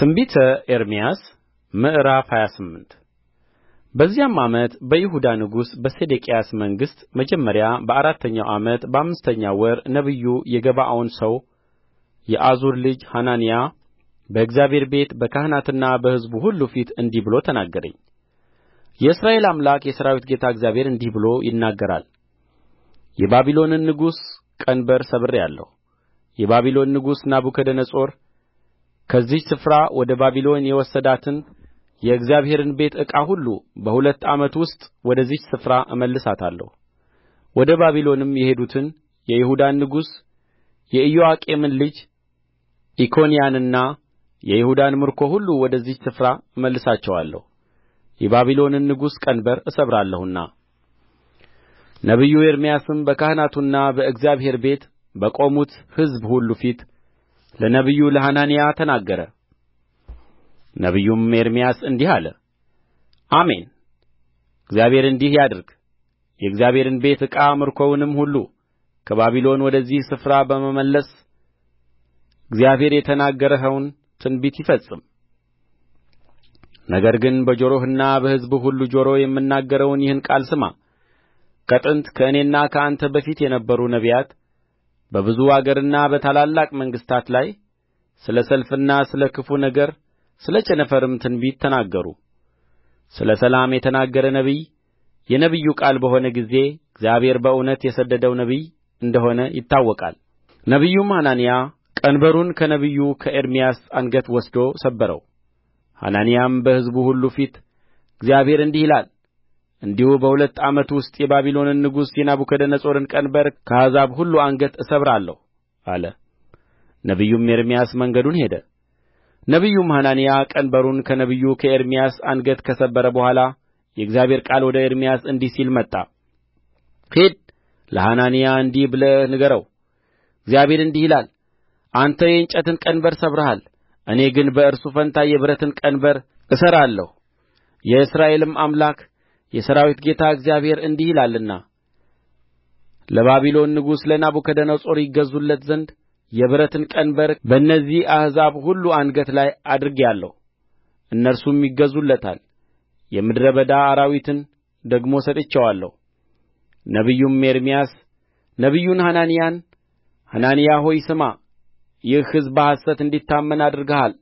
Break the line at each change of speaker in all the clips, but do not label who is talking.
ትንቢተ ኤርምያስ ምዕራፍ ሃያ ስምንት በዚያም ዓመት በይሁዳ ንጉሥ በሴዴቅያስ መንግሥት መጀመሪያ በአራተኛው ዓመት በአምስተኛው ወር ነቢዩ የገባዖን ሰው የዓዙር ልጅ ሐናንያ በእግዚአብሔር ቤት በካህናትና በሕዝቡ ሁሉ ፊት እንዲህ ብሎ ተናገረኝ። የእስራኤል አምላክ የሠራዊት ጌታ እግዚአብሔር እንዲህ ብሎ ይናገራል። የባቢሎንን ንጉሥ ቀንበር ሰብሬአለሁ። የባቢሎን ንጉሥ ናቡከደነፆር ከዚህች ስፍራ ወደ ባቢሎን የወሰዳትን የእግዚአብሔርን ቤት ዕቃ ሁሉ በሁለት ዓመት ውስጥ ወደዚህች ስፍራ እመልሳታለሁ ወደ ባቢሎንም የሄዱትን የይሁዳን ንጉሥ የኢዮአቄምን ልጅ ኢኮንያንና የይሁዳን ምርኮ ሁሉ ወደዚህች ስፍራ እመልሳቸዋለሁ የባቢሎንን ንጉሥ ቀንበር እሰብራለሁና ነቢዩ ኤርምያስም በካህናቱና በእግዚአብሔር ቤት በቆሙት ሕዝብ ሁሉ ፊት ለነቢዩ ለሐናንያ ተናገረ ነቢዩም ኤርምያስ እንዲህ አለ አሜን እግዚአብሔር እንዲህ ያድርግ የእግዚአብሔርን ቤት ዕቃ ምርኮውንም ሁሉ ከባቢሎን ወደዚህ ስፍራ በመመለስ እግዚአብሔር የተናገረኸውን ትንቢት ይፈጽም ነገር ግን በጆሮህና በሕዝብህ ሁሉ ጆሮ የምናገረውን ይህን ቃል ስማ ከጥንት ከእኔና ከአንተ በፊት የነበሩ ነቢያት በብዙ አገርና በታላላቅ መንግሥታት ላይ ስለ ሰልፍና ስለ ክፉ ነገር ስለ ቸነፈርም ትንቢት ተናገሩ ስለ ሰላም የተናገረ ነቢይ የነቢዩ ቃል በሆነ ጊዜ እግዚአብሔር በእውነት የሰደደው ነቢይ እንደ ሆነ ይታወቃል ነቢዩም ሐናንያ ቀንበሩን ከነቢዩ ከኤርምያስ አንገት ወስዶ ሰበረው ሐናንያም በሕዝቡ ሁሉ ፊት እግዚአብሔር እንዲህ ይላል እንዲሁ በሁለት ዓመት ውስጥ የባቢሎንን ንጉሥ የናቡከደነፆርን ቀንበር ከአሕዛብ ሁሉ አንገት እሰብራለሁ አለ ነቢዩም ኤርምያስ መንገዱን ሄደ ነቢዩም ሐናንያ ቀንበሩን ከነቢዩ ከኤርምያስ አንገት ከሰበረ በኋላ የእግዚአብሔር ቃል ወደ ኤርምያስ እንዲህ ሲል መጣ ሂድ ለሐናንያ እንዲህ ብለህ ንገረው እግዚአብሔር እንዲህ ይላል አንተ የእንጨትን ቀንበር ሰብረሃል እኔ ግን በእርሱ ፋንታ የብረትን ቀንበር እሠራለሁ የእስራኤልም አምላክ የሠራዊት ጌታ እግዚአብሔር እንዲህ ይላልና ለባቢሎን ንጉሥ ለናቡከደነፆር ይገዙለት ዘንድ የብረትን ቀንበር በእነዚህ አሕዛብ ሁሉ አንገት ላይ አድርጌአለሁ እነርሱም ይገዙለታል የምድረ በዳ አራዊትን ደግሞ ሰጥቼዋለሁ ነቢዩም ኤርምያስ ነቢዩን ሐናንያን ሐናንያ ሆይ ስማ ይህ ሕዝብ በሐሰት እንዲታመን አድርገሃል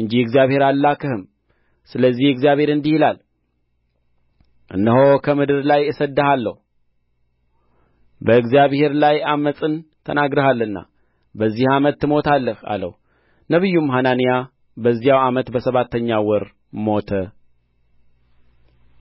እንጂ እግዚአብሔር አልላከህም ስለዚህ እግዚአብሔር እንዲህ ይላል እነሆ ከምድር ላይ እሰድድሃለሁ በእግዚአብሔር ላይ ዓመፅን ተናግረሃልና በዚህ ዓመት ትሞታለህ አለው ነቢዩም ሐናንያ በዚያው ዓመት በሰባተኛው ወር ሞተ